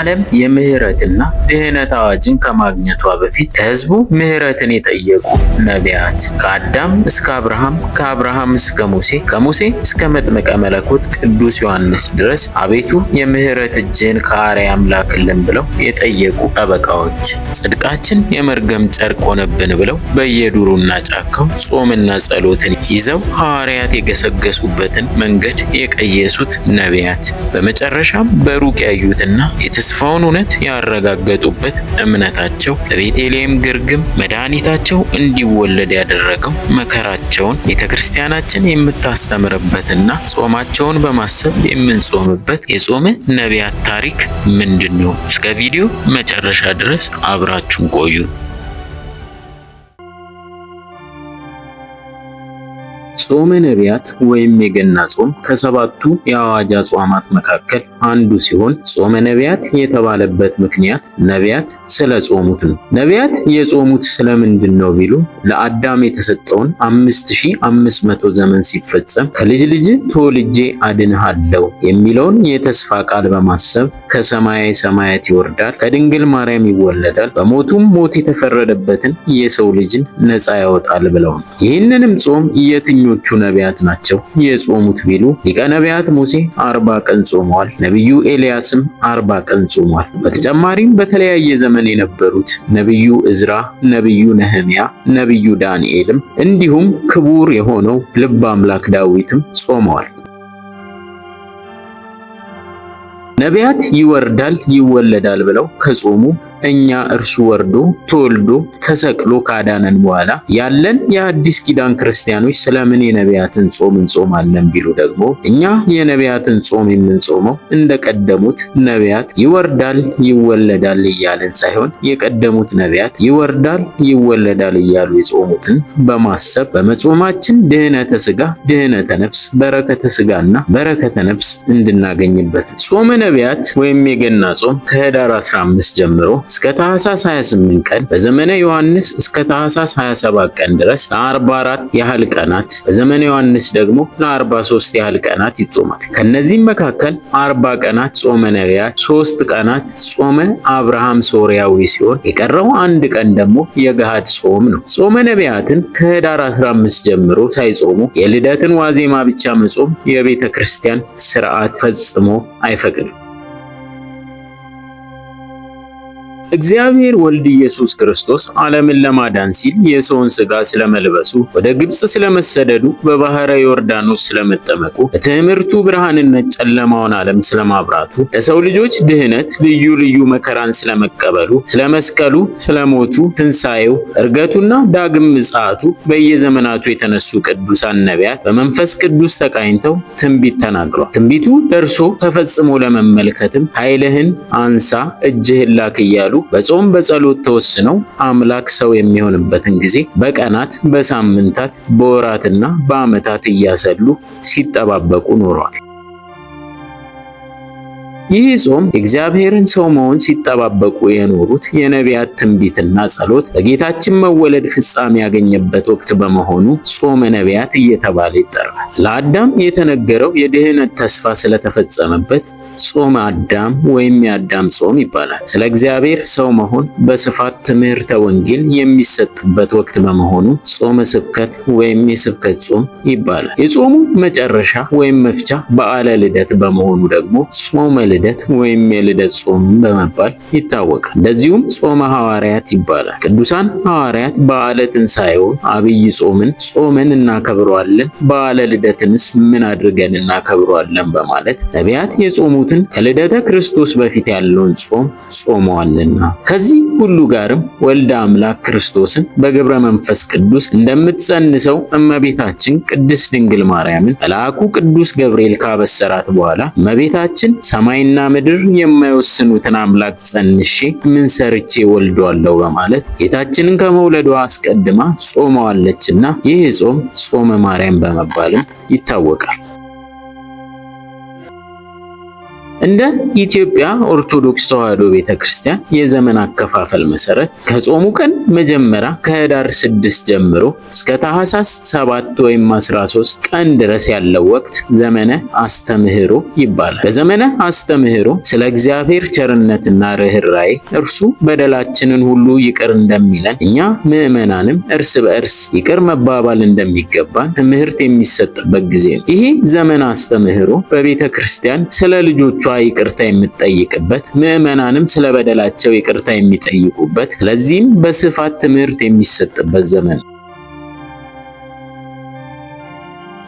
ዓለም የምህረትና ድህነት አዋጅን ከማግኘቷ በፊት ህዝቡ ምህረትን የጠየቁ ነቢያት ከአዳም እስከ አብርሃም፣ ከአብርሃም እስከ ሙሴ፣ ከሙሴ እስከ መጥምቀ መለኮት ቅዱስ ዮሐንስ ድረስ አቤቱ የምህረት እጅን ከአርያም ላክልን ብለው የጠየቁ ጠበቃዎች ጽድቃችን የመርገም ጨርቅ ሆነብን ብለው በየዱሩና ጫካው ጾምና ጸሎትን ይዘው ሐዋርያት የገሰገሱበትን መንገድ የቀየሱት ነቢያት በመጨረሻም በሩቅ ያዩትና የተስፋውን እውነት ያረጋገጡበት እምነታቸው በቤተልሔም ግርግም መድኃኒታቸው እንዲወለድ ያደረገው መከራቸውን ቤተ ክርስቲያናችን የምታስተምርበትና ጾማቸውን በማሰብ የምንጾምበት የጾመ ነቢያት ታሪክ ምንድን ነው? እስከ ቪዲዮ መጨረሻ ድረስ አብራችሁን ቆዩ። ጾመ ነቢያት ወይም የገና ጾም ከሰባቱ የአዋጅ አጽዋማት መካከል አንዱ ሲሆን ጾመ ነቢያት የተባለበት ምክንያት ነቢያት ስለ ጾሙት ነው። ነቢያት የጾሙት ስለምንድን ነው ቢሉ ለአዳም የተሰጠውን 5500 ዘመን ሲፈጸም ከልጅ ልጅ ተወልጄ አድንሃለሁ የሚለውን የተስፋ ቃል በማሰብ ከሰማያዊ ሰማያት ይወርዳል፣ ከድንግል ማርያም ይወለዳል፣ በሞቱም ሞት የተፈረደበትን የሰው ልጅን ነፃ ያወጣል ብለው ነው። ይህንንም ጾም የትኛው የትኞቹ ነቢያት ናቸው የጾሙት ቢሉ ሊቀ ነቢያት ሙሴ አርባ ቀን ጾመዋል። ነቢዩ ኤልያስም አርባ ቀን ጾሟል። በተጨማሪም በተለያየ ዘመን የነበሩት ነቢዩ እዝራ፣ ነቢዩ ነህሚያ፣ ነቢዩ ዳንኤልም እንዲሁም ክቡር የሆነው ልበ አምላክ ዳዊትም ጾመዋል። ነቢያት ይወርዳል ይወለዳል ብለው ከጾሙ እኛ እርሱ ወርዶ ተወልዶ ተሰቅሎ ካዳነን በኋላ ያለን የአዲስ ኪዳን ክርስቲያኖች ስለምን የነቢያትን ጾም እንጾማለን ቢሉ ደግሞ እኛ የነቢያትን ጾም የምንጾመው እንደቀደሙት ነቢያት ይወርዳል ይወለዳል እያለን ሳይሆን የቀደሙት ነቢያት ይወርዳል ይወለዳል እያሉ የጾሙትን በማሰብ በመጾማችን ድህነተ ስጋ ድህነተ ነፍስ በረከተ ስጋና በረከተ ነፍስ እንድናገኝበት ጾመ ነቢያት ወይም የገና ጾም ከህዳር 15 ጀምሮ እስከ ታህሳስ 28 ቀን በዘመነ ዮሐንስ እስከ ታህሳስ 27 ቀን ድረስ ለ44 ያህል ቀናት በዘመነ ዮሐንስ ደግሞ ለ43 ያህል ቀናት ይጾማል። ከነዚህም መካከል 40 ቀናት ጾመ ነቢያት፣ 3 ቀናት ጾመ አብርሃም ሶርያዊ ሲሆን የቀረው አንድ ቀን ደግሞ የገሃድ ጾም ነው። ጾመ ነቢያትን ከህዳር 15 ጀምሮ ሳይጾሙ የልደትን ዋዜማ ብቻ መጾም የቤተ ክርስቲያን ስርዓት ፈጽሞ አይፈቅድም። እግዚአብሔር ወልድ ኢየሱስ ክርስቶስ ዓለምን ለማዳን ሲል የሰውን ሥጋ ስለመልበሱ፣ ወደ ግብፅ ስለመሰደዱ፣ በባሕረ ዮርዳኖስ ስለመጠመቁ፣ በትምህርቱ ብርሃንነት ጨለማውን ዓለም ስለማብራቱ፣ ለሰው ልጆች ድህነት ልዩ ልዩ መከራን ስለመቀበሉ፣ ስለመስቀሉ፣ ስለሞቱ፣ ትንሣኤው፣ እርገቱና ዳግም ምጽአቱ በየዘመናቱ የተነሱ ቅዱሳን ነቢያት በመንፈስ ቅዱስ ተቃኝተው ትንቢት ተናግሯል። ትንቢቱ ደርሶ ተፈጽሞ ለመመልከትም ኃይልህን አንሳ እጅህን ላክ እያሉ በጾም በጸሎት ተወስነው አምላክ ሰው የሚሆንበትን ጊዜ በቀናት፣ በሳምንታት፣ በወራትና በዓመታት እያሰሉ ሲጠባበቁ ኖረዋል። ይህ ጾም የእግዚአብሔርን ሰው መሆን ሲጠባበቁ የኖሩት የነቢያት ትንቢትና ጸሎት በጌታችን መወለድ ፍጻሜ ያገኘበት ወቅት በመሆኑ ጾመ ነቢያት እየተባለ ይጠራል። ለአዳም የተነገረው የድህነት ተስፋ ስለተፈጸመበት ጾመ አዳም ወይም የአዳም ጾም ይባላል። ስለ እግዚአብሔር ሰው መሆን በስፋት ትምህርተ ወንጌል የሚሰጥበት ወቅት በመሆኑ ጾመ ስብከት ወይም የስብከት ጾም ይባላል። የጾሙ መጨረሻ ወይም መፍቻ በዓለ ልደት በመሆኑ ደግሞ ጾመ ልደት ወይም የልደት ጾም በመባል ይታወቃል። እንደዚሁም ጾመ ሐዋርያት ይባላል። ቅዱሳን ሐዋርያት በዓለ ትንሣኤውን አብይ ጾምን ጾመን እናከብረዋለን፣ በዓለ ልደትንስ ምን አድርገን እናከብረዋለን በማለት ነቢያት የጾሙት የሆኑትን ከልደተ ክርስቶስ በፊት ያለውን ጾም ጾመዋልና። ከዚህ ሁሉ ጋርም ወልደ አምላክ ክርስቶስን በግብረ መንፈስ ቅዱስ እንደምትጸንሰው እመቤታችን ቅድስት ድንግል ማርያምን መልአኩ ቅዱስ ገብርኤል ካበሰራት በኋላ እመቤታችን ሰማይና ምድር የማይወስኑትን አምላክ ጸንሼ ምን ሰርቼ ወልደዋለሁ በማለት ጌታችንን ከመውለዷ አስቀድማ ጾመዋለችና ይህ ጾም ጾመ ማርያም በመባልም ይታወቃል። እንደ ኢትዮጵያ ኦርቶዶክስ ተዋሕዶ ቤተ ክርስቲያን የዘመን አከፋፈል መሰረት ከጾሙ ቀን መጀመሪያ ከህዳር ስድስት ጀምሮ እስከ ታህሳስ 7 ወይም 13 ቀን ድረስ ያለው ወቅት ዘመነ አስተምህሮ ይባላል። በዘመነ አስተምህሮ ስለ እግዚአብሔር ቸርነትና ርኅራኄ እርሱ በደላችንን ሁሉ ይቅር እንደሚለን እኛ ምዕመናንም እርስ በእርስ ይቅር መባባል እንደሚገባን ትምህርት የሚሰጥበት ጊዜ ነው። ይሄ ዘመነ አስተምህሮ በቤተ ክርስቲያን ስለ ልጆቿ ይቅርታ የምትጠይቅበት፣ ምዕመናንም ስለበደላቸው ይቅርታ የሚጠይቁበት፣ ለዚህም በስፋት ትምህርት የሚሰጥበት ዘመን ነው።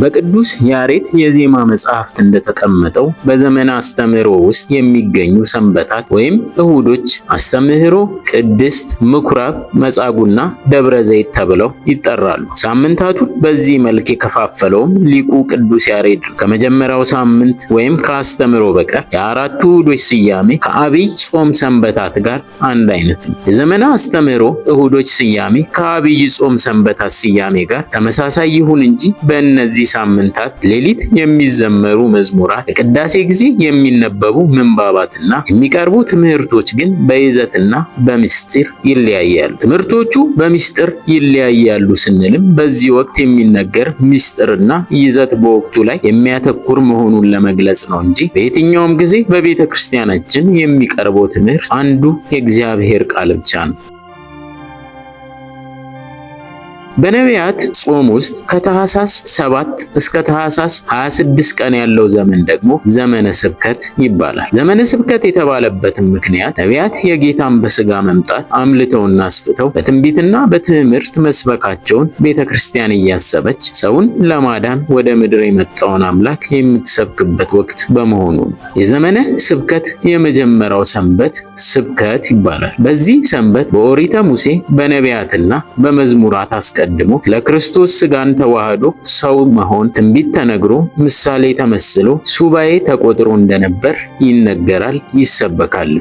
በቅዱስ ያሬድ የዜማ መጽሐፍት እንደተቀመጠው በዘመነ አስተምህሮ ውስጥ የሚገኙ ሰንበታት ወይም እሁዶች አስተምህሮ፣ ቅድስት፣ ምኩራብ፣ መጻጉና ደብረ ዘይት ተብለው ይጠራሉ። ሳምንታቱን በዚህ መልክ የከፋፈለውም ሊቁ ቅዱስ ያሬድ ከመጀመሪያው ሳምንት ወይም ከአስተምህሮ በቀር የአራቱ እሁዶች ስያሜ ከአብይ ጾም ሰንበታት ጋር አንድ አይነት ነው። የዘመን አስተምህሮ እሁዶች ስያሜ ከአብይ ጾም ሰንበታት ስያሜ ጋር ተመሳሳይ ይሁን እንጂ በእነዚህ ሳምንታት ሌሊት የሚዘመሩ መዝሙራት፣ በቅዳሴ ጊዜ የሚነበቡ ምንባባትና የሚቀርቡ ትምህርቶች ግን በይዘትና በምስጢር ይለያያሉ። ትምህርቶቹ በምስጢር ይለያያሉ ስንልም በዚህ ወቅት የሚነገር ምስጢርና ይዘት በወቅቱ ላይ የሚያተኩር መሆኑን ለመግለጽ ነው እንጂ በየትኛውም ጊዜ በቤተ ክርስቲያናችን የሚቀርበው ትምህርት አንዱ የእግዚአብሔር ቃል ብቻ ነው። በነቢያት ጾም ውስጥ ከታህሳስ 7 እስከ ታህሳስ 26 ቀን ያለው ዘመን ደግሞ ዘመነ ስብከት ይባላል። ዘመነ ስብከት የተባለበትም ምክንያት ነቢያት የጌታን በስጋ መምጣት አምልተውና አስፍተው በትንቢትና በትምህርት መስበካቸውን ቤተ ክርስቲያን እያሰበች ሰውን ለማዳን ወደ ምድር የመጣውን አምላክ የምትሰብክበት ወቅት በመሆኑ ነው። የዘመነ ስብከት የመጀመሪያው ሰንበት ስብከት ይባላል። በዚህ ሰንበት በኦሪተ ሙሴ በነቢያትና በመዝሙራት አስቀድ አስቀድሞ ለክርስቶስ ስጋን ተዋህዶ ሰው መሆን ትንቢት ተነግሮ ምሳሌ ተመስሎ ሱባኤ ተቆጥሮ እንደነበር ይነገራል ይሰበካል።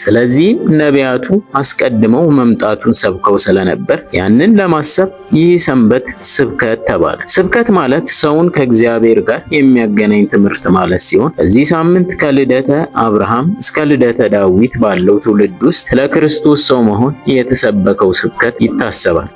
ስለዚህም ነቢያቱ አስቀድመው መምጣቱን ሰብከው ስለነበር ያንን ለማሰብ ይህ ሰንበት ስብከት ተባለ። ስብከት ማለት ሰውን ከእግዚአብሔር ጋር የሚያገናኝ ትምህርት ማለት ሲሆን በዚህ ሳምንት ከልደተ አብርሃም እስከ ልደተ ዳዊት ባለው ትውልድ ውስጥ ለክርስቶስ ሰው መሆን የተሰበከው ስብከት ይታሰባል።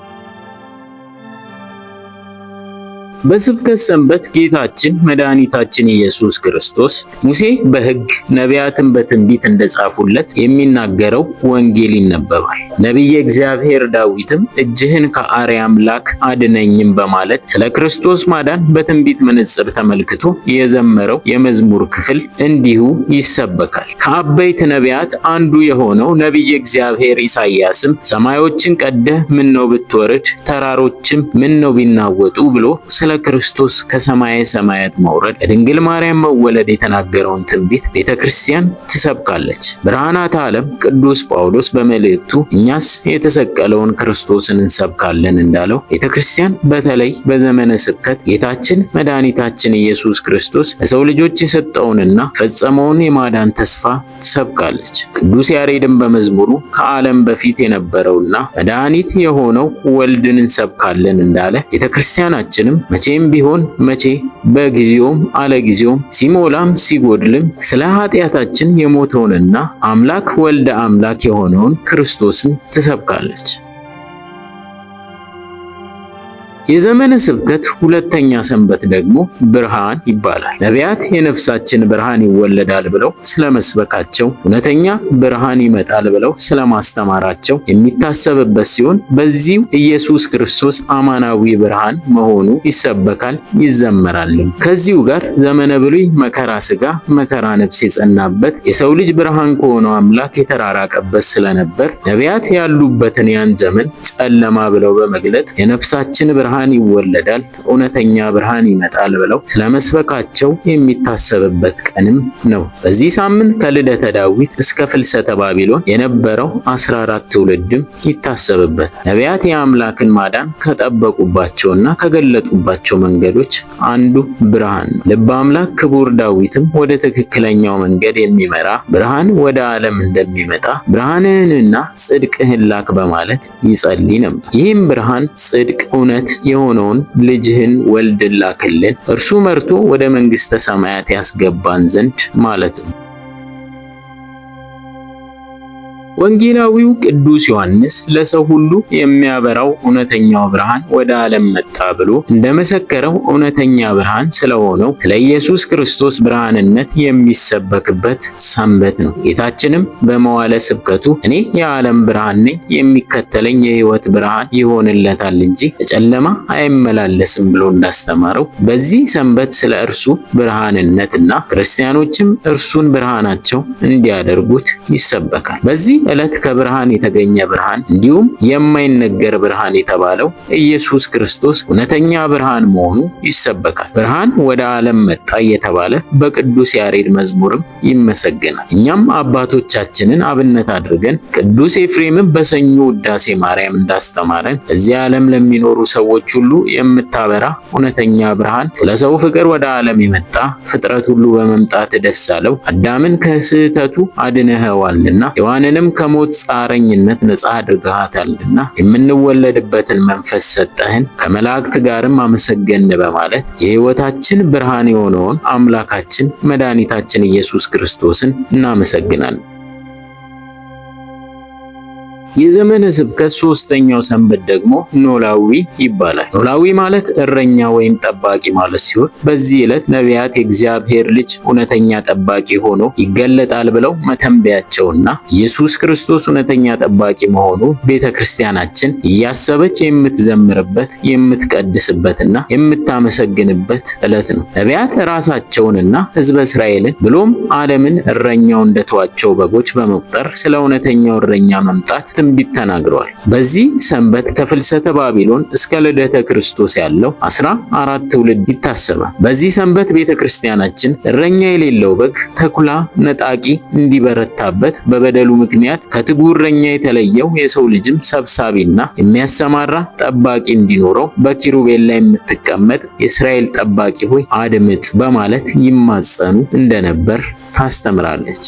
በስብከት ሰንበት ጌታችን መድኃኒታችን ኢየሱስ ክርስቶስ ሙሴ በሕግ ነቢያትን በትንቢት እንደጻፉለት የሚናገረው ወንጌል ይነበባል። ነቢየ እግዚአብሔር ዳዊትም እጅህን ከአርያ አምላክ አድነኝም በማለት ስለ ክርስቶስ ማዳን በትንቢት መነጽር ተመልክቶ የዘመረው የመዝሙር ክፍል እንዲሁ ይሰበካል። ከአበይት ነቢያት አንዱ የሆነው ነቢየ እግዚአብሔር ኢሳይያስም ሰማዮችን ቀደህ ምነው ብትወርድ፣ ተራሮችም ምነው ቢናወጡ ብሎ ስለ ስለ ክርስቶስ ከሰማየ ሰማያት መውረድ ከድንግል ማርያም መወለድ የተናገረውን ትንቢት ቤተ ክርስቲያን ትሰብካለች። ብርሃናት ዓለም ቅዱስ ጳውሎስ በመልእክቱ እኛስ የተሰቀለውን ክርስቶስን እንሰብካለን እንዳለው ቤተ ክርስቲያን በተለይ በዘመነ ስብከት ጌታችን መድኃኒታችን ኢየሱስ ክርስቶስ ለሰው ልጆች የሰጠውንና ፈጸመውን የማዳን ተስፋ ትሰብካለች። ቅዱስ ያሬድን በመዝሙሩ ከዓለም በፊት የነበረውና መድኃኒት የሆነው ወልድን እንሰብካለን እንዳለ ቤተ ክርስቲያናችንም መቼም ቢሆን መቼ በጊዜውም አለጊዜውም ሲሞላም ሲጎድልም ስለ ኃጢአታችን የሞተውንና አምላክ ወልደ አምላክ የሆነውን ክርስቶስን ትሰብካለች። የዘመነ ስብከት ሁለተኛ ሰንበት ደግሞ ብርሃን ይባላል። ነቢያት የነፍሳችን ብርሃን ይወለዳል ብለው ስለመስበካቸው፣ እውነተኛ ብርሃን ይመጣል ብለው ስለማስተማራቸው የሚታሰብበት ሲሆን በዚሁ ኢየሱስ ክርስቶስ አማናዊ ብርሃን መሆኑ ይሰበካል ይዘመራልም። ከዚሁ ጋር ዘመነ ብሉይ መከራ ስጋ፣ መከራ ነፍስ የጸናበት የሰው ልጅ ብርሃን ከሆነው አምላክ የተራራቀበት ስለነበር ነቢያት ያሉበትን ያን ዘመን ጨለማ ብለው በመግለጥ የነፍሳችን ብርሃን ብርሃን ይወለዳል፣ እውነተኛ ብርሃን ይመጣል ብለው ስለመስበካቸው የሚታሰብበት ቀንም ነው። በዚህ ሳምንት ከልደተ ዳዊት እስከ ፍልሰተ ባቢሎን የነበረው 14 ትውልድም ይታሰብበት። ነቢያት የአምላክን ማዳን ከጠበቁባቸውና ከገለጡባቸው መንገዶች አንዱ ብርሃን ነው። ልበ አምላክ ክቡር ዳዊትም ወደ ትክክለኛው መንገድ የሚመራ ብርሃን ወደ ዓለም እንደሚመጣ ብርሃንህንና ጽድቅህን ላክ በማለት ይጸልይ ነበር። ይህም ብርሃን ጽድቅ፣ እውነት የሆነውን ልጅህን ወልድላክልን ላክልን እርሱ መርቶ ወደ መንግሥተ ሰማያት ያስገባን ዘንድ ማለት ነው። ወንጌላዊው ቅዱስ ዮሐንስ ለሰው ሁሉ የሚያበራው እውነተኛው ብርሃን ወደ ዓለም መጣ ብሎ እንደመሰከረው እውነተኛ ብርሃን ስለሆነው ስለ ኢየሱስ ክርስቶስ ብርሃንነት የሚሰበክበት ሰንበት ነው። ጌታችንም በመዋለ ስብከቱ እኔ የዓለም ብርሃን ነኝ፣ የሚከተለኝ የሕይወት ብርሃን ይሆንለታል እንጂ በጨለማ አይመላለስም ብሎ እንዳስተማረው በዚህ ሰንበት ስለ እርሱ ብርሃንነትና ክርስቲያኖችም እርሱን ብርሃናቸው እንዲያደርጉት ይሰበካል። በዚህ እለት ከብርሃን የተገኘ ብርሃን እንዲሁም የማይነገር ብርሃን የተባለው ኢየሱስ ክርስቶስ እውነተኛ ብርሃን መሆኑ ይሰበካል። ብርሃን ወደ ዓለም መጣ እየተባለ በቅዱስ ያሬድ መዝሙርም ይመሰገናል። እኛም አባቶቻችንን አብነት አድርገን ቅዱስ ኤፍሬምም በሰኞ ውዳሴ ማርያም እንዳስተማረን እዚህ ዓለም ለሚኖሩ ሰዎች ሁሉ የምታበራ እውነተኛ ብርሃን ለሰው ፍቅር ወደ ዓለም የመጣ ፍጥረት ሁሉ በመምጣት ደስ አለው አዳምን ከስህተቱ አድነኸዋልና ሔዋንንም ከሞት ጻረኝነት ነፃ አድርግሃታልና የምንወለድበትን መንፈስ ሰጠህን፣ ከመላእክት ጋርም አመሰገን በማለት የሕይወታችን ብርሃን የሆነውን አምላካችን መድኃኒታችን ኢየሱስ ክርስቶስን እናመሰግናለን። የዘመነ ስብከት ሶስተኛው ሰንበት ደግሞ ኖላዊ ይባላል። ኖላዊ ማለት እረኛ ወይም ጠባቂ ማለት ሲሆን በዚህ ዕለት ነቢያት የእግዚአብሔር ልጅ እውነተኛ ጠባቂ ሆኖ ይገለጣል ብለው መተንበያቸውና ኢየሱስ ክርስቶስ እውነተኛ ጠባቂ መሆኑ ቤተ ክርስቲያናችን እያሰበች የምትዘምርበት የምትቀድስበትና የምታመሰግንበት ዕለት ነው። ነቢያት ራሳቸውንና ሕዝበ እስራኤልን ብሎም ዓለምን እረኛው እንደተዋቸው በጎች በመቁጠር ስለ እውነተኛው እረኛ መምጣት ትንቢት ተናግሯል። በዚህ ሰንበት ከፍልሰተ ባቢሎን እስከ ልደተ ክርስቶስ ያለው አስራ አራት ትውልድ ይታሰባል። በዚህ ሰንበት ቤተ ክርስቲያናችን እረኛ የሌለው በግ ተኩላ ነጣቂ እንዲበረታበት በበደሉ ምክንያት ከትጉ እረኛ የተለየው የሰው ልጅም ሰብሳቢና የሚያሰማራ ጠባቂ እንዲኖረው በኪሩቤል ላይ የምትቀመጥ የእስራኤል ጠባቂ ሆይ አድምጥ በማለት ይማጸኑ እንደነበር ታስተምራለች።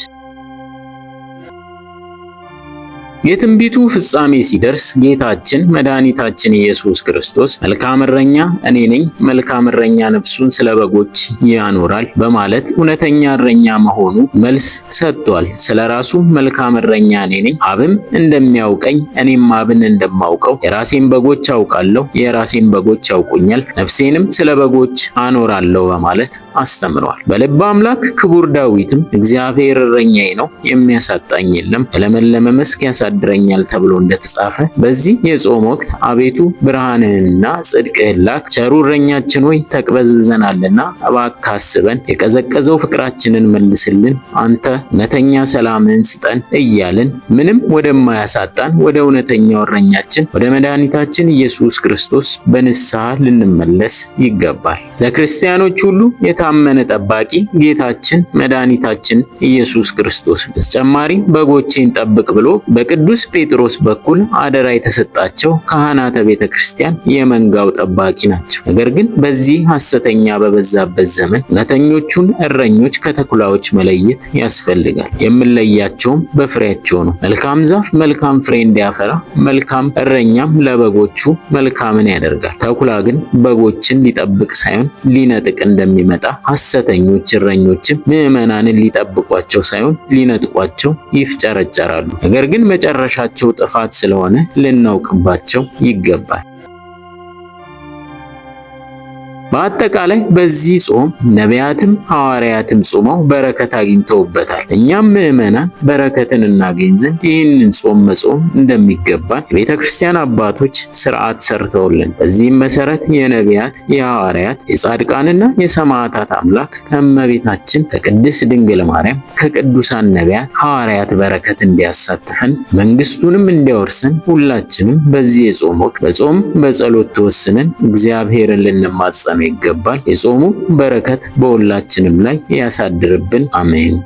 የትንቢቱ ፍጻሜ ሲደርስ ጌታችን መድኃኒታችን ኢየሱስ ክርስቶስ መልካም እረኛ እኔ ነኝ፣ መልካም እረኛ ነፍሱን ስለ በጎች ያኖራል በማለት እውነተኛ እረኛ መሆኑ መልስ ሰጥቷል። ስለ ራሱ መልካም እረኛ እኔ ነኝ፣ አብም እንደሚያውቀኝ እኔም አብን እንደማውቀው የራሴን በጎች አውቃለሁ፣ የራሴን በጎች ያውቁኛል፣ ነፍሴንም ስለ በጎች አኖራለሁ በማለት አስተምሯል። በልበ አምላክ ክቡር ዳዊትም እግዚአብሔር እረኛዬ ነው፣ የሚያሳጣኝ የለም፣ በለመለመ መስክ ያሳ ያሳድረኛል ተብሎ እንደተጻፈ በዚህ የጾም ወቅት አቤቱ ብርሃንህንና ጽድቅህን ላክ፣ ቸሩ እረኛችን ሆይ ተቅበዝብዘናልና እባክህ አስበን፣ የቀዘቀዘው ፍቅራችንን መልስልን፣ አንተ እውነተኛ ሰላምህን ስጠን እያልን ምንም ወደማያሳጣን ወደ እውነተኛው እረኛችን ወደ መድኃኒታችን ኢየሱስ ክርስቶስ በንስሐ ልንመለስ ይገባል። ለክርስቲያኖች ሁሉ የታመነ ጠባቂ ጌታችን መድኃኒታችን ኢየሱስ ክርስቶስ በተጨማሪ በጎቼን ጠብቅ ብሎ በቅ በቅዱስ ጴጥሮስ በኩል አደራ የተሰጣቸው ካህናተ ቤተ ክርስቲያን የመንጋው ጠባቂ ናቸው። ነገር ግን በዚህ ሐሰተኛ በበዛበት ዘመን እውነተኞቹን እረኞች ከተኩላዎች መለየት ያስፈልጋል። የምለያቸውም በፍሬያቸው ነው። መልካም ዛፍ መልካም ፍሬ እንዲያፈራ፣ መልካም እረኛም ለበጎቹ መልካምን ያደርጋል። ተኩላ ግን በጎችን ሊጠብቅ ሳይሆን ሊነጥቅ እንደሚመጣ ሐሰተኞች እረኞችም ምዕመናንን ሊጠብቋቸው ሳይሆን ሊነጥቋቸው ይፍጨረጨራሉ። ነገር ግን መጨረ የመጨረሻቸው ጥፋት ስለሆነ ልናውቅባቸው ይገባል። በአጠቃላይ በዚህ ጾም ነቢያትም ሐዋርያትም ጾመው በረከት አግኝተውበታል። እኛም ምዕመናን በረከትን እናገኝ ዘንድ ይህንን ጾም መጾም እንደሚገባን የቤተ ክርስቲያን አባቶች ስርዓት ሰርተውልን፣ በዚህም መሰረት የነቢያት የሐዋርያት የጻድቃንና የሰማዕታት አምላክ ከእመቤታችን ከቅድስት ድንግል ማርያም ከቅዱሳን ነቢያት ሐዋርያት በረከት እንዲያሳትፈን መንግስቱንም እንዲያወርሰን ሁላችንም በዚህ የጾም ወቅት በጾም በጸሎት ተወስነን እግዚአብሔርን ልንማጸኑ ይገባል። የጾሙ በረከት በሁላችንም ላይ ያሳድርብን። አሜን።